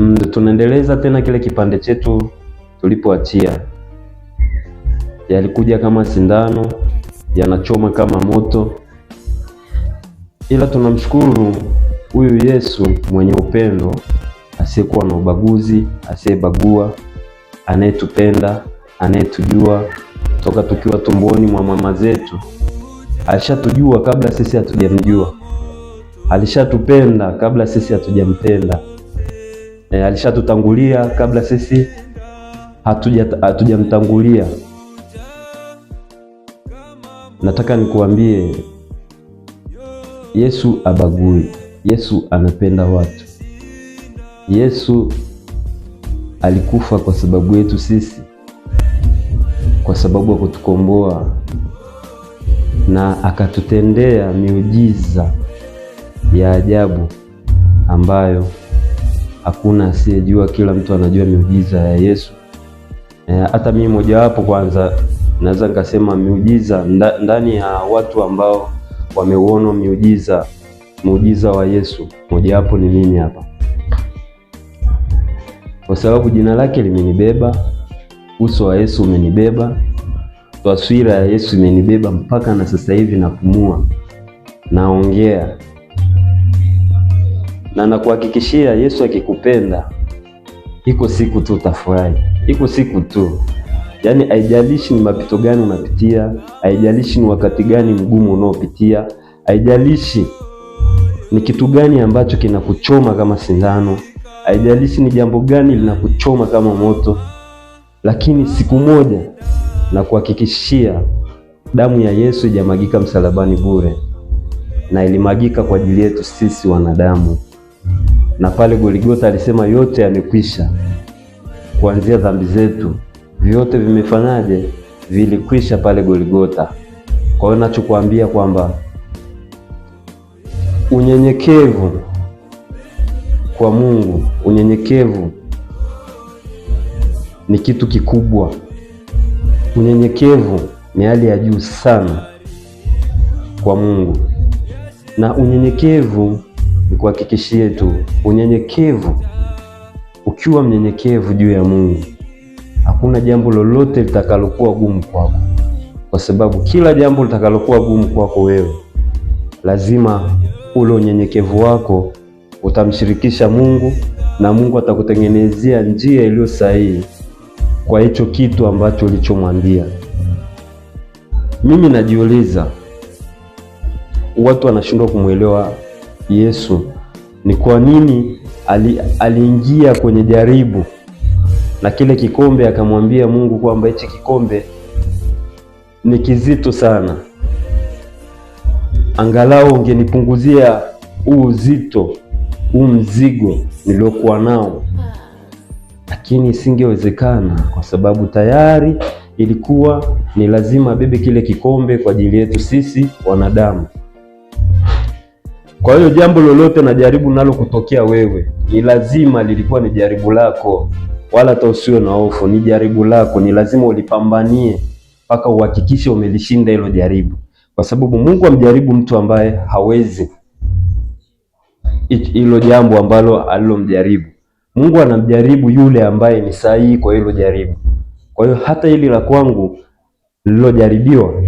mm, tunaendeleza tena kile kipande chetu tulipoachia. Yalikuja kama sindano, yanachoma kama moto, ila tunamshukuru huyu Yesu mwenye upendo asiyekuwa na ubaguzi, asiyebagua, anayetupenda, anayetujua toka tukiwa tumboni mwa mama zetu. Alishatujua kabla sisi hatujamjua, alishatupenda kabla sisi hatujampenda e, alishatutangulia kabla sisi hatujamtangulia. Hatuja nataka nikuambie, Yesu abagui. Yesu anapenda watu. Yesu alikufa kwa sababu yetu sisi, kwa sababu ya kutukomboa na akatutendea miujiza ya ajabu ambayo hakuna asiyejua, kila mtu anajua miujiza ya Yesu. E, hata e, mimi mojawapo, kwanza naweza nikasema miujiza ndani ya watu ambao wameuona miujiza muujiza wa Yesu, mojawapo ni mimi hapa, kwa sababu jina lake limenibeba, uso wa Yesu umenibeba, taswira ya Yesu imenibeba mpaka na sasa hivi napumua, naongea na nakuhakikishia, Yesu akikupenda iko siku tu utafurahi, iko siku tu yaani, haijalishi ni mapito gani unapitia, haijalishi ni wakati gani mgumu unaopitia, haijalishi ni kitu gani ambacho kinakuchoma kama sindano, haijalishi ni jambo gani linakuchoma kama moto, lakini siku moja na kuhakikishia damu ya Yesu ijamagika msalabani bure, na ilimagika kwa ajili yetu sisi wanadamu na pale Goligota alisema yote yamekwisha, kuanzia dhambi zetu vyote vimefanyaje, vilikwisha pale Goligota. Kwa hiyo nachokuambia kwamba unyenyekevu kwa Mungu, unyenyekevu ni kitu kikubwa. Unyenyekevu ni hali ya juu sana kwa Mungu na unyenyekevu nikuhakikishie tu unyenyekevu. Ukiwa mnyenyekevu juu ya Mungu, hakuna jambo lolote litakalokuwa gumu kwako, kwa sababu kila jambo litakalokuwa gumu kwako wewe, lazima ule unyenyekevu wako utamshirikisha Mungu na Mungu atakutengenezea njia iliyo sahihi kwa hicho kitu ambacho ulichomwambia. Mimi najiuliza watu wanashindwa kumwelewa Yesu ni kwa nini ali, aliingia kwenye jaribu na kile kikombe akamwambia Mungu kwamba hichi kikombe ni kizito sana, angalau ungenipunguzia huu uzito, huu mzigo niliokuwa nao, lakini isingewezekana kwa sababu tayari ilikuwa ni lazima abebe kile kikombe kwa ajili yetu sisi wanadamu. Kwa hiyo jambo lolote na jaribu nalo kutokea wewe, ni lazima lilikuwa ni jaribu lako, wala hata usiwe na hofu. Ni jaribu lako, ni lazima ulipambanie mpaka uhakikishe umelishinda hilo jaribu, kwa sababu Mungu amjaribu mtu ambaye hawezi hilo jambo ambalo alilomjaribu. Mungu anamjaribu yule ambaye ni sahihi kwa hilo jaribu. Kwa hiyo hata hili la kwangu lilojaribiwa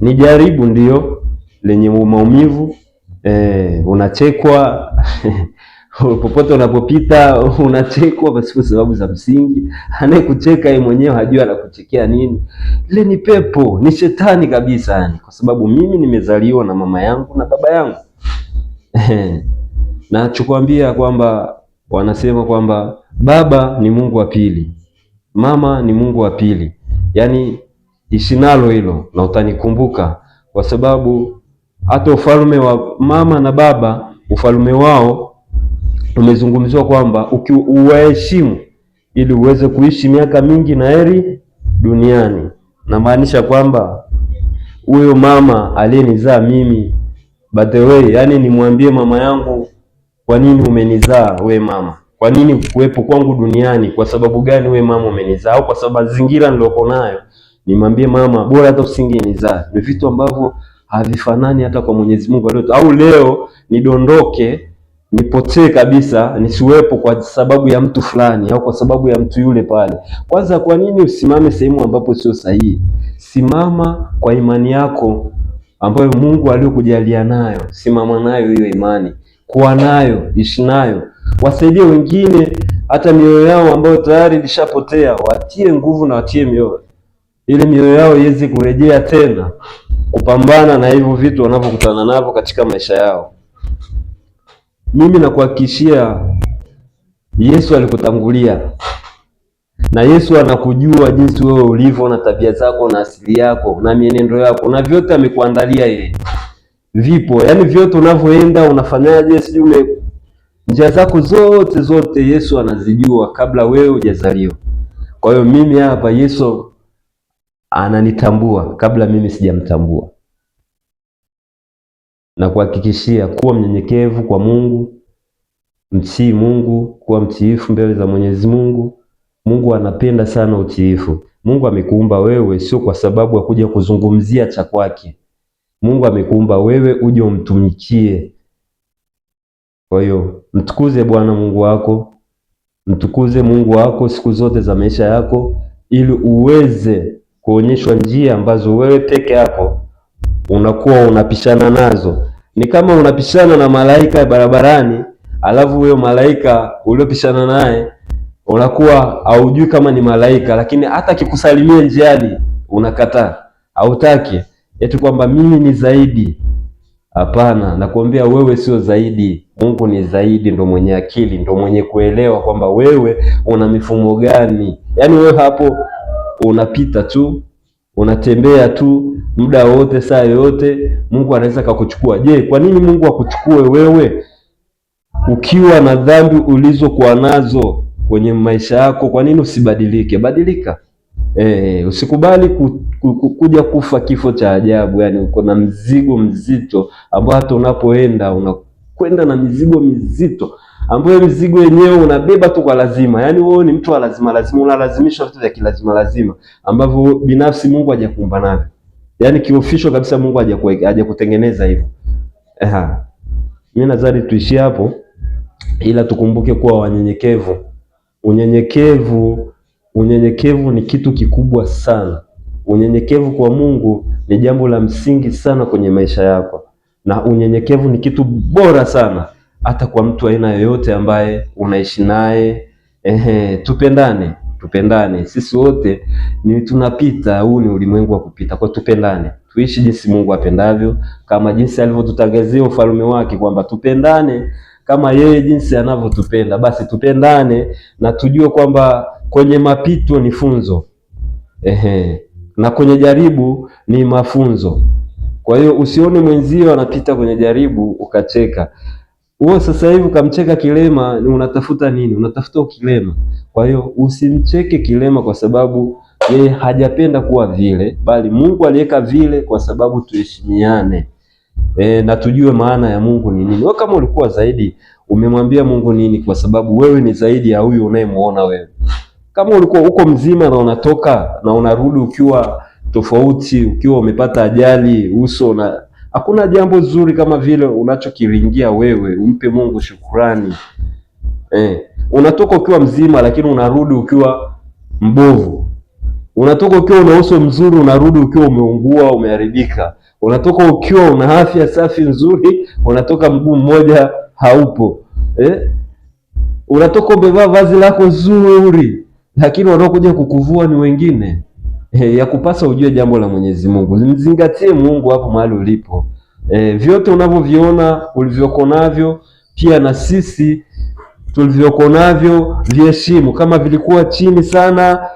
ni jaribu, ndiyo lenye maumivu eh, unachekwa popote unapopita unachekwa pasipo sababu za msingi. Anayekucheka yeye mwenyewe hajui anakuchekea nini. Ile ni pepo, ni shetani kabisa, yani kwa sababu mimi nimezaliwa na mama yangu na baba yangu na chukwambia kwamba wanasema kwamba baba ni Mungu wa pili, mama ni Mungu wa pili. Yani ishi nalo hilo na utanikumbuka kwa sababu hata ufalme wa mama na baba, ufalme wao umezungumziwa kwamba uwaheshimu ili uweze kuishi miaka mingi na heri duniani. Namaanisha kwamba huyo mama aliyenizaa mimi, by the way, yani nimwambie mama yangu, kwa nini umenizaa we mama? Kwa nini kuwepo kwangu duniani? Kwa sababu gani we mama umenizaa? Au kwa sababu mazingira niliyokuwa nayo, nimwambie mama, bora hata usingenizaa. Ni vitu ambavyo havifanani hata kwa Mwenyezi Mungu aliyotoa. Au leo nidondoke nipotee kabisa nisiwepo kwa sababu ya mtu fulani au kwa sababu ya mtu yule pale. Kwanza, kwa nini usimame sehemu ambapo sio sahihi? Simama kwa imani yako ambayo Mungu aliyokujalia nayo, simama nayo hiyo imani, kuwa nayo, ishi nayo, wasaidie wengine hata mioyo yao ambayo tayari ilishapotea, watie nguvu na watie mioyo ili mioyo yao iweze kurejea tena kupambana na hivyo vitu wanavyokutana navyo katika maisha yao. Mimi nakuhakikishia, Yesu alikutangulia na Yesu anakujua jinsi wewe ulivyo na tabia zako na asili yako na mienendo yako na vyote amekuandalia yeye, vipo yaani vyote unavyoenda unafanyaje, sijui njia zako zote zote Yesu anazijua kabla wewe hujazaliwa. Kwa hiyo mimi hapa Yesu ananitambua kabla mimi sijamtambua, na kuhakikishia kuwa mnyenyekevu kwa Mungu, mtii Mungu, kuwa mtiifu mbele za Mwenyezi Mungu. Mungu anapenda sana utiifu. Mungu amekuumba wewe sio kwa sababu ya kuja kuzungumzia cha kwake. Mungu amekuumba wewe uje umtumikie. Kwa hiyo mtukuze Bwana Mungu wako, mtukuze Mungu wako siku zote za maisha yako ili uweze kuonyeshwa njia ambazo wewe peke yako unakuwa unapishana nazo. Ni kama unapishana na malaika ya barabarani, alafu huyo malaika uliopishana naye unakuwa haujui kama ni malaika, lakini hata akikusalimia njiani unakataa, hautaki eti kwamba mimi ni zaidi. Hapana, nakuambia wewe sio zaidi. Mungu ni zaidi, ndo mwenye akili, ndo mwenye kuelewa kwamba wewe una mifumo gani. Yaani wewe hapo unapita tu, unatembea tu muda wote, saa yoyote, Mungu anaweza kakuchukua Je, kwa nini Mungu akuchukue wewe ukiwa na dhambi ulizokuwa nazo kwenye maisha yako? Kwa nini usibadilike? Badilika. E, usikubali ku, ku, ku, kuja kufa kifo cha ajabu. Yani uko na mzigo mzito ambao hata unapoenda unakwenda na mizigo mizito ambayo mzigo yenyewe unabeba tu kwa lazima, yaani wewe ni mtu wa lazima lazima, unalazimishwa vitu vya kilazima lazima ambavyo binafsi Mungu hajakuumba navyo, yaani kiofisho kabisa Mungu hajakuweka, hajakutengeneza hivyo. Eh, mimi nadhani tuishie hapo, ila tukumbuke kuwa wanyenyekevu. Unyenyekevu, unyenyekevu ni kitu kikubwa sana. Unyenyekevu kwa Mungu ni jambo la msingi sana kwenye maisha yako, na unyenyekevu ni kitu bora sana hata kwa mtu aina yoyote ambaye unaishi naye. Ehe, tupendane, tupendane. Sisi wote ni tunapita, huu ni ulimwengu wa kupita, kwa tupendane, tuishi jinsi Mungu apendavyo, kama jinsi alivyotutangazia ufalme wake kwamba tupendane kama yeye jinsi anavyotupenda. Basi tupendane na tujue kwamba kwenye mapito ni funzo, ehe, na kwenye jaribu ni mafunzo. Kwa hiyo usione mwenzio anapita kwenye jaribu ukacheka. Wewe sasa hivi ukamcheka kilema, unatafuta nini? Unatafuta ukilema. Kwa hiyo usimcheke kilema, kwa sababu yeye hajapenda kuwa vile, bali Mungu aliweka vile kwa sababu tuheshimiane e, na tujue maana ya Mungu ni nini. Wewe kama ulikuwa zaidi, umemwambia Mungu nini? Kwa sababu wewe ni zaidi ya huyu unayemuona wewe. Kama ulikuwa uko mzima na unatoka na unarudi ukiwa tofauti, ukiwa umepata ajali uso na Hakuna jambo zuri kama vile unachokiringia wewe, umpe Mungu shukurani. Eh, unatoka ukiwa mzima lakini unarudi ukiwa mbovu. Unatoka ukiwa una uso mzuri unarudi ukiwa umeungua, umeharibika. Unatoka ukiwa una afya safi nzuri, unatoka mguu mmoja haupo. Eh? Unatoka umevaa vazi lako zuri, lakini wanaokuja kukuvua ni wengine eh, ya kupasa ujue jambo la Mwenyezi Mungu. Mzingatie Mungu hapo mahali ulipo. Eh, vyote unavyoviona ulivyoko navyo pia na sisi tulivyoko navyo viheshimu. Kama vilikuwa chini sana,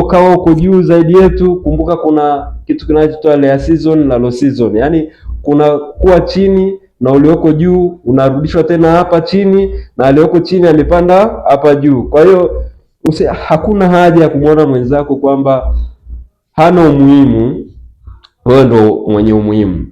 ukawa uko juu zaidi yetu, kumbuka kuna kitu kinachoitwa layer season na low season, yaani kuna kuwa chini na ulioko juu unarudishwa tena hapa chini, na alioko chini amepanda hapa juu. Kwa hiyo hakuna haja ya kumwona mwenzako kwamba hana umuhimu, wewe ndo mwenye umuhimu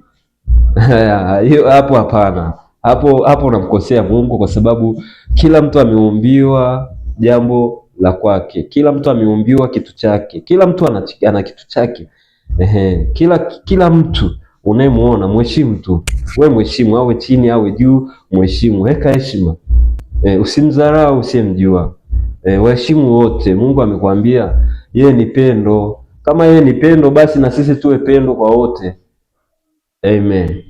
hapo. Hapana, hapo hapo unamkosea Mungu, kwa sababu kila mtu ameumbiwa jambo la kwake, kila mtu ameumbiwa kitu chake, kila mtu ana, ana kitu chake. Ehe, kila kila mtu unayemuona mheshimu tu, we mheshimu, awe chini awe juu, mheshimu, weka heshima e, usimdharau usiyemjua. E, waheshimu wote. Mungu amekwambia yeye ni pendo. Kama yeye ni pendo, basi na sisi tuwe pendo kwa wote. Amen.